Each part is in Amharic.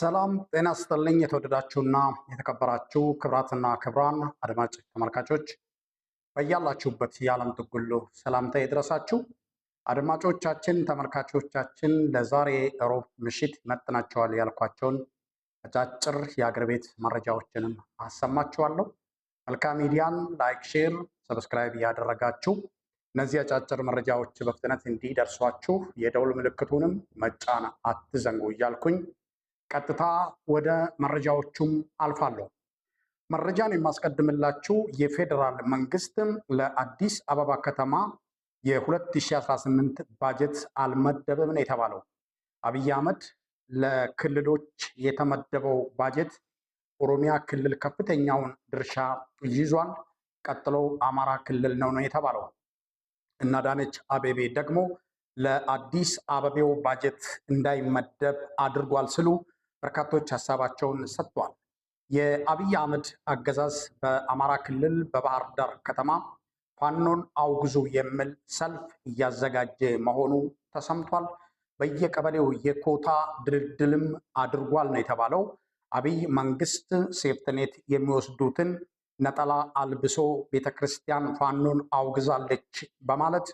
ሰላም ጤና ስጥልኝ። የተወደዳችሁና የተከበራችሁ ክብራትና ክብራን አድማጭ ተመልካቾች በያላችሁበት የዓለም ጥግ ሁሉ ሰላምታ የደረሳችሁ አድማጮቻችን፣ ተመልካቾቻችን ለዛሬ ሮብ ምሽት ይመጥናቸዋል ያልኳቸውን አጫጭር የአገር ቤት መረጃዎችንም አሰማችኋለሁ። መልካም ሚዲያን ላይክ፣ ሼር፣ ሰብስክራይብ እያደረጋችሁ እነዚህ አጫጭር መረጃዎች በፍጥነት እንዲደርሷችሁ የደውል ምልክቱንም መጫን አትዘንጉ እያልኩኝ ቀጥታ ወደ መረጃዎቹም አልፋለሁ። መረጃን የማስቀድምላችሁ የፌዴራል መንግስት ለአዲስ አበባ ከተማ የ2018 ባጀት አልመደበም ነው የተባለው። አብይ አህመድ ለክልሎች የተመደበው ባጀት ኦሮሚያ ክልል ከፍተኛውን ድርሻ ይዟል፣ ቀጥሎ አማራ ክልል ነው ነው የተባለው። እና ዳነች አቤቤ ደግሞ ለአዲስ አበቤው ባጀት እንዳይመደብ አድርጓል ስሉ በርካቶች ሀሳባቸውን ሰጥቷል። የአብይ አህመድ አገዛዝ በአማራ ክልል በባህር ዳር ከተማ ፋኖን አውግዙ የሚል ሰልፍ እያዘጋጀ መሆኑ ተሰምቷል። በየቀበሌው የኮታ ድልድልም አድርጓል ነው የተባለው። አብይ መንግስት ሴፍትኔት የሚወስዱትን ነጠላ አልብሶ ቤተክርስቲያን ፋኖን አውግዛለች በማለት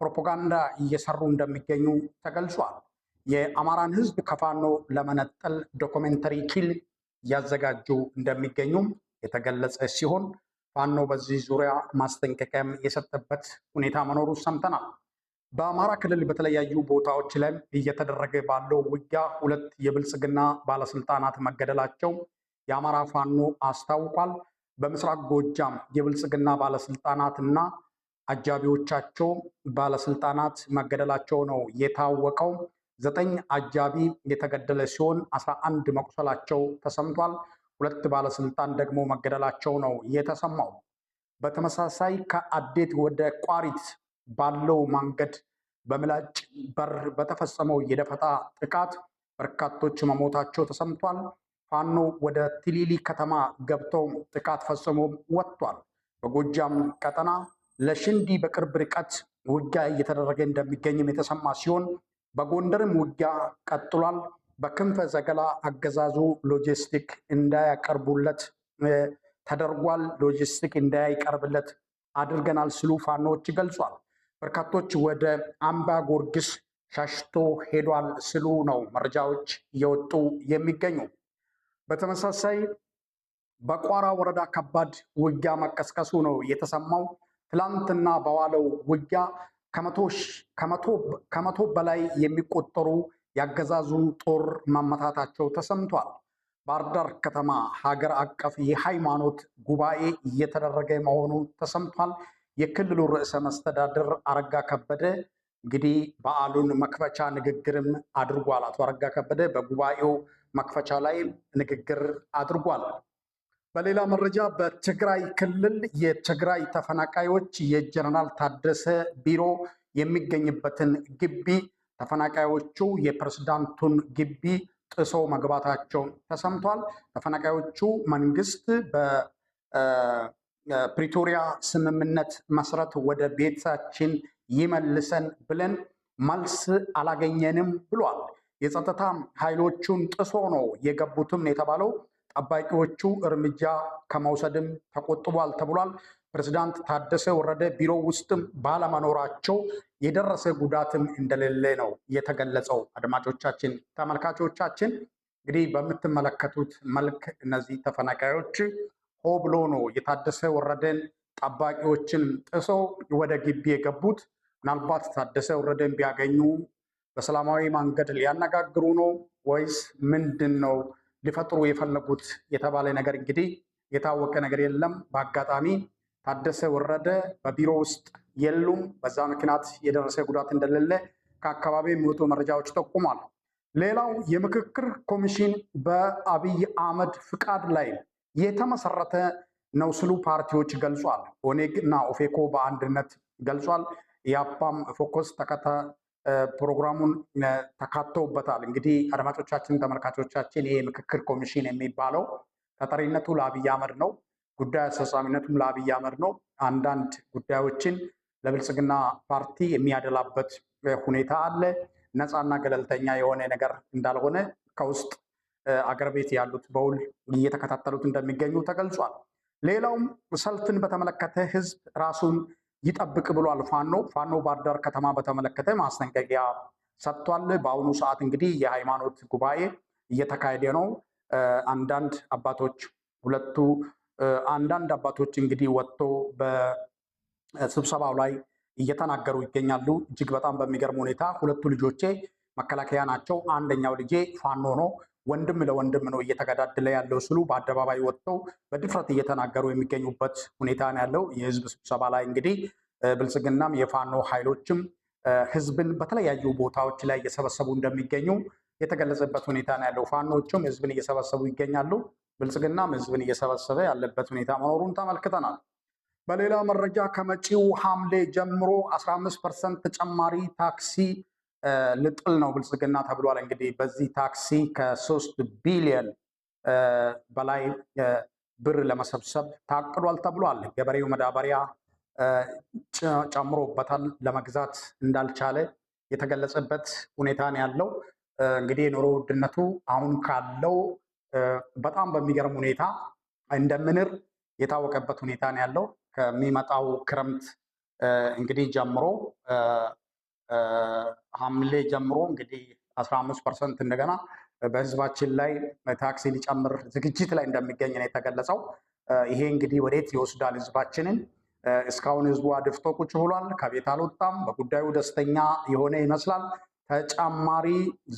ፕሮፓጋንዳ እየሰሩ እንደሚገኙ ተገልጿል። የአማራን ህዝብ ከፋኖ ለመነጠል ዶክሜንተሪ ኪል እያዘጋጁ እንደሚገኙም የተገለጸ ሲሆን ፋኖ በዚህ ዙሪያ ማስጠንቀቂያም የሰጠበት ሁኔታ መኖሩ ሰምተናል። በአማራ ክልል በተለያዩ ቦታዎች ላይ እየተደረገ ባለው ውጊያ ሁለት የብልጽግና ባለስልጣናት መገደላቸው የአማራ ፋኖ አስታውቋል። በምስራቅ ጎጃም የብልጽግና ባለስልጣናት እና አጃቢዎቻቸው ባለስልጣናት መገደላቸው ነው የታወቀው። ዘጠኝ አጃቢ የተገደለ ሲሆን አስራ አንድ መቁሰላቸው ተሰምቷል። ሁለት ባለስልጣን ደግሞ መገደላቸው ነው የተሰማው። በተመሳሳይ ከአዴት ወደ ቋሪት ባለው መንገድ በምላጭ በር በተፈጸመው የደፈጣ ጥቃት በርካቶች መሞታቸው ተሰምቷል። ፋኖ ወደ ትሊሊ ከተማ ገብተው ጥቃት ፈጽሞ ወጥቷል። በጎጃም ቀጠና ለሽንዲ በቅርብ ርቀት ውጊያ እየተደረገ እንደሚገኝም የተሰማ ሲሆን በጎንደርም ውጊያ ቀጥሏል። በክንፈ ዘገላ አገዛዙ ሎጂስቲክ እንዳያቀርቡለት ተደርጓል። ሎጂስቲክ እንዳይቀርብለት አድርገናል ሲሉ ፋኖዎች ገልጿል። በርካቶች ወደ አምባ ጎርጊስ ሸሽቶ ሄዷል ሲሉ ነው መረጃዎች እየወጡ የሚገኙ። በተመሳሳይ በቋራ ወረዳ ከባድ ውጊያ መቀስቀሱ ነው የተሰማው። ትላንትና በዋለው ውጊያ ከመቶ በላይ የሚቆጠሩ ያገዛዙ ጦር መመታታቸው ተሰምቷል። ባህር ዳር ከተማ ሀገር አቀፍ የሃይማኖት ጉባኤ እየተደረገ መሆኑ ተሰምቷል። የክልሉ ርዕሰ መስተዳድር አረጋ ከበደ እንግዲህ በዓሉን መክፈቻ ንግግርም አድርጓል። አቶ አረጋ ከበደ በጉባኤው መክፈቻ ላይ ንግግር አድርጓል። በሌላ መረጃ በትግራይ ክልል የትግራይ ተፈናቃዮች የጀነራል ታደሰ ቢሮ የሚገኝበትን ግቢ ተፈናቃዮቹ የፕሬዝዳንቱን ግቢ ጥሶ መግባታቸውን ተሰምቷል። ተፈናቃዮቹ መንግስት በፕሪቶሪያ ስምምነት መሰረት ወደ ቤታችን ይመልሰን ብለን መልስ አላገኘንም ብሏል። የጸጥታ ኃይሎቹን ጥሶ ነው የገቡትም የተባለው ጠባቂዎቹ እርምጃ ከመውሰድም ተቆጥቧል ተብሏል። ፕሬዝዳንት ታደሰ ወረደ ቢሮ ውስጥም ባለመኖራቸው የደረሰ ጉዳትም እንደሌለ ነው የተገለጸው። አድማጮቻችን፣ ተመልካቾቻችን እንግዲህ በምትመለከቱት መልክ እነዚህ ተፈናቃዮች ሆ ብሎ ነው የታደሰ ወረደን ጠባቂዎችን ጥሰው ወደ ግቢ የገቡት። ምናልባት ታደሰ ወረደን ቢያገኙ በሰላማዊ መንገድ ሊያነጋግሩ ነው ወይስ ምንድን ነው ሊፈጥሩ የፈለጉት የተባለ ነገር እንግዲህ የታወቀ ነገር የለም። በአጋጣሚ ታደሰ ወረደ በቢሮ ውስጥ የሉም። በዛ ምክንያት የደረሰ ጉዳት እንደሌለ ከአካባቢ የሚወጡ መረጃዎች ጠቁሟል። ሌላው የምክክር ኮሚሽን በአብይ አህመድ ፍቃድ ላይ የተመሰረተ ነው ስሉ ፓርቲዎች ገልጿል። ኦኔግ እና ኦፌኮ በአንድነት ገልጿል። የአፓም ፎከስ ፕሮግራሙን ተካተውበታል። እንግዲህ አድማጮቻችን፣ ተመልካቾቻችን ይሄ ምክክር ኮሚሽን የሚባለው ተጠሪነቱ ለአብይ አህመድ ነው። ጉዳይ አስፈጻሚነቱም ለአብይ አህመድ ነው። አንዳንድ ጉዳዮችን ለብልጽግና ፓርቲ የሚያደላበት ሁኔታ አለ። ነፃና ገለልተኛ የሆነ ነገር እንዳልሆነ ከውስጥ አገር ቤት ያሉት በውል እየተከታተሉት እንደሚገኙ ተገልጿል። ሌላውም ሰልፍን በተመለከተ ህዝብ ራሱን ይጠብቅ ብሏል ፋኖ። ፋኖ ባርዳር ከተማ በተመለከተ ማስጠንቀቂያ ሰጥቷል። በአሁኑ ሰዓት እንግዲህ የሃይማኖት ጉባኤ እየተካሄደ ነው። አንዳንድ አባቶች ሁለቱ አንዳንድ አባቶች እንግዲህ ወጥቶ በስብሰባው ላይ እየተናገሩ ይገኛሉ። እጅግ በጣም በሚገርም ሁኔታ ሁለቱ ልጆቼ መከላከያ ናቸው፣ አንደኛው ልጄ ፋኖ ነው ወንድም ለወንድም ነው እየተገዳደለ ያለው ስሉ በአደባባይ ወጥተው በድፍረት እየተናገሩ የሚገኙበት ሁኔታ ነው ያለው። የህዝብ ስብሰባ ላይ እንግዲህ ብልጽግናም የፋኖ ኃይሎችም ህዝብን በተለያዩ ቦታዎች ላይ እየሰበሰቡ እንደሚገኙ የተገለጸበት ሁኔታ ነው ያለው። ፋኖችም ህዝብን እየሰበሰቡ ይገኛሉ። ብልጽግናም ህዝብን እየሰበሰበ ያለበት ሁኔታ መኖሩን ተመልክተናል። በሌላ መረጃ ከመጪው ሐምሌ ጀምሮ 15 ፐርሰንት ተጨማሪ ታክሲ ልጥል ነው ብልጽግና ተብሏል። እንግዲህ በዚህ ታክሲ ከሶስት ቢሊዮን በላይ ብር ለመሰብሰብ ታቅዷል ተብሏል። ገበሬው መዳበሪያ ጨምሮበታል ለመግዛት እንዳልቻለ የተገለጸበት ሁኔታ ነው ያለው። እንግዲህ የኑሮ ውድነቱ አሁን ካለው በጣም በሚገርም ሁኔታ እንደምንር የታወቀበት ሁኔታ ነው ያለው። ከሚመጣው ክረምት እንግዲህ ጀምሮ ሐምሌ ጀምሮ እንግዲህ 15 ፐርሰንት እንደገና በህዝባችን ላይ ታክስ ሊጨምር ዝግጅት ላይ እንደሚገኝ ነው የተገለጸው። ይሄ እንግዲህ ወዴት ይወስዳል ህዝባችንን? እስካሁን ህዝቡ አድፍቶ ቁጭ ብሏል። ከቤት አልወጣም። በጉዳዩ ደስተኛ የሆነ ይመስላል። ተጨማሪ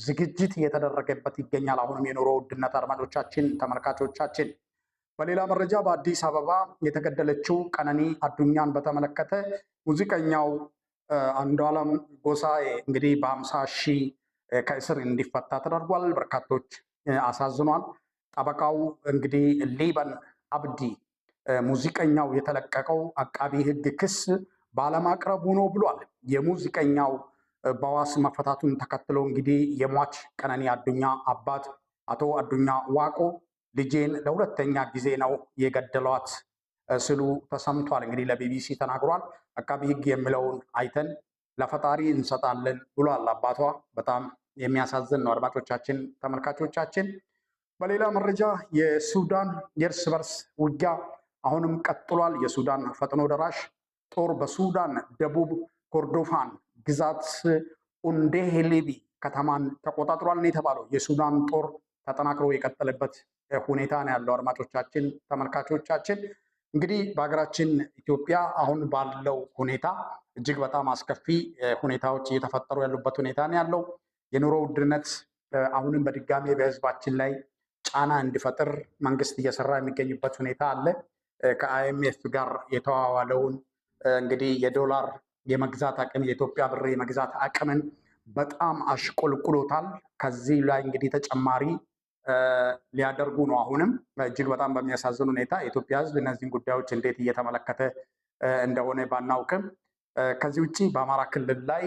ዝግጅት እየተደረገበት ይገኛል። አሁንም የኑሮ ውድነት አድማጮቻችን፣ ተመልካቾቻችን በሌላ መረጃ በአዲስ አበባ የተገደለችው ቀነኒ አዱኛን በተመለከተ ሙዚቀኛው አንዷለም ጎሳ እንግዲህ በአምሳ ሺህ ከእስር እንዲፈታ ተደርጓል። በርካቶች አሳዝኗል። ጠበቃው እንግዲህ ሊበን አብዲ ሙዚቀኛው የተለቀቀው አቃቢ ሕግ ክስ ባለማቅረቡ ነው ብሏል። የሙዚቀኛው በዋስ መፈታቱን ተከትሎ እንግዲህ የሟች ቀነኒ አዱኛ አባት አቶ አዱኛ ዋቆ ልጄን ለሁለተኛ ጊዜ ነው የገደሏት ስሉ ተሰምቷል። እንግዲህ ለቢቢሲ ተናግሯል። አቃቢ ህግ የሚለውን አይተን ለፈጣሪ እንሰጣለን ብሏል አባቷ። በጣም የሚያሳዝን ነው። አድማጮቻችን፣ ተመልካቾቻችን በሌላ መረጃ የሱዳን የእርስ በርስ ውጊያ አሁንም ቀጥሏል። የሱዳን ፈጥኖ ደራሽ ጦር በሱዳን ደቡብ ኮርዶፋን ግዛት ኡንዴሄሌቢ ከተማን ተቆጣጥሯል ነው የተባለው። የሱዳን ጦር ተጠናክሮ የቀጠለበት ሁኔታ ነው ያለው። አድማጮቻችን፣ ተመልካቾቻችን እንግዲህ በሀገራችን ኢትዮጵያ አሁን ባለው ሁኔታ እጅግ በጣም አስከፊ ሁኔታዎች እየተፈጠሩ ያሉበት ሁኔታ ነው ያለው። የኑሮ ውድነት አሁንም በድጋሚ በህዝባችን ላይ ጫና እንዲፈጥር መንግስት እየሰራ የሚገኝበት ሁኔታ አለ። ከአይኤምኤፍ ጋር የተዋዋለውን እንግዲህ የዶላር የመግዛት አቅም የኢትዮጵያ ብር የመግዛት አቅምን በጣም አሽቆልቁሎታል። ከዚህ ላይ እንግዲህ ተጨማሪ ሊያደርጉ ነው። አሁንም እጅግ በጣም በሚያሳዝን ሁኔታ የኢትዮጵያ ሕዝብ እነዚህን ጉዳዮች እንዴት እየተመለከተ እንደሆነ ባናውቅም ከዚህ ውጭ በአማራ ክልል ላይ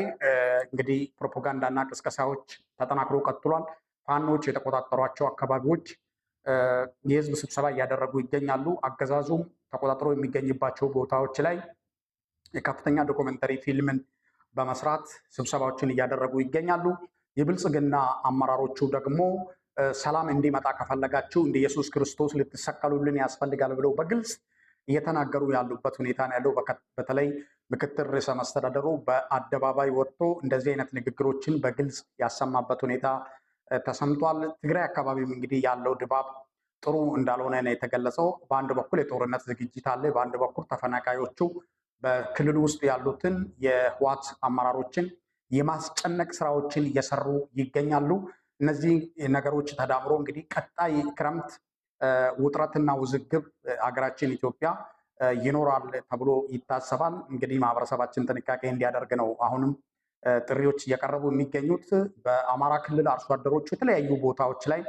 እንግዲህ ፕሮፓጋንዳና ቅስቀሳዎች ተጠናክሮ ቀጥሏል። ፋኖች የተቆጣጠሯቸው አካባቢዎች የህዝብ ስብሰባ እያደረጉ ይገኛሉ። አገዛዙም ተቆጣጥሮ የሚገኝባቸው ቦታዎች ላይ የከፍተኛ ዶክመንተሪ ፊልምን በመስራት ስብሰባዎችን እያደረጉ ይገኛሉ። የብልጽግና አመራሮቹ ደግሞ ሰላም እንዲመጣ ከፈለጋችሁ እንደ ኢየሱስ ክርስቶስ ልትሰቀሉልን ያስፈልጋል ብለው በግልጽ እየተናገሩ ያሉበት ሁኔታ ነው ያለው። በተለይ ምክትል ርዕሰ መስተዳደሩ በአደባባይ ወጥቶ እንደዚህ አይነት ንግግሮችን በግልጽ ያሰማበት ሁኔታ ተሰምቷል። ትግራይ አካባቢም እንግዲህ ያለው ድባብ ጥሩ እንዳልሆነ ነው የተገለጸው። በአንድ በኩል የጦርነት ዝግጅት አለ፣ በአንድ በኩል ተፈናቃዮቹ በክልሉ ውስጥ ያሉትን የህዋት አመራሮችን የማስጨነቅ ስራዎችን እየሰሩ ይገኛሉ። እነዚህ ነገሮች ተዳምሮ እንግዲህ ቀጣይ ክረምት ውጥረትና ውዝግብ ሀገራችን ኢትዮጵያ ይኖራል ተብሎ ይታሰባል። እንግዲህ ማህበረሰባችን ጥንቃቄ እንዲያደርግ ነው አሁንም ጥሪዎች እየቀረቡ የሚገኙት። በአማራ ክልል አርሶ አደሮቹ የተለያዩ ቦታዎች ላይ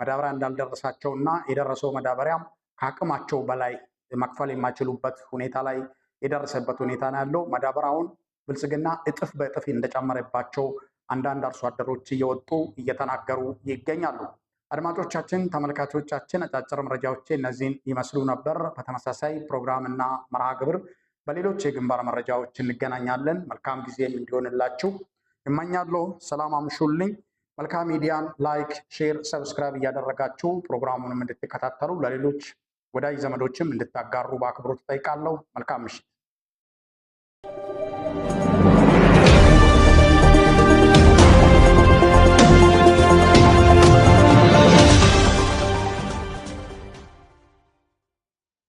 መዳበሪያ እንዳልደረሳቸው እና የደረሰው መዳበሪያ ከአቅማቸው በላይ መክፈል የማይችሉበት ሁኔታ ላይ የደረሰበት ሁኔታ ነው ያለው። መዳበሪያውን ብልጽግና እጥፍ በእጥፍ እንደጨመረባቸው አንዳንድ አርሶ አደሮች እየወጡ እየተናገሩ ይገኛሉ። አድማጮቻችን፣ ተመልካቾቻችን አጫጭር መረጃዎች እነዚህን ይመስሉ ነበር። በተመሳሳይ ፕሮግራም እና መርሃ ግብር በሌሎች የግንባር መረጃዎች እንገናኛለን። መልካም ጊዜም እንዲሆንላችሁ እመኛለሁ። ሰላም አምሹልኝ። መልካም ሚዲያን ላይክ፣ ሼር፣ ሰብስክራይብ እያደረጋችሁ ፕሮግራሙንም እንድትከታተሉ ለሌሎች ወዳጅ ዘመዶችም እንድታጋሩ በአክብሮት እጠይቃለሁ። መልካም ምሽት።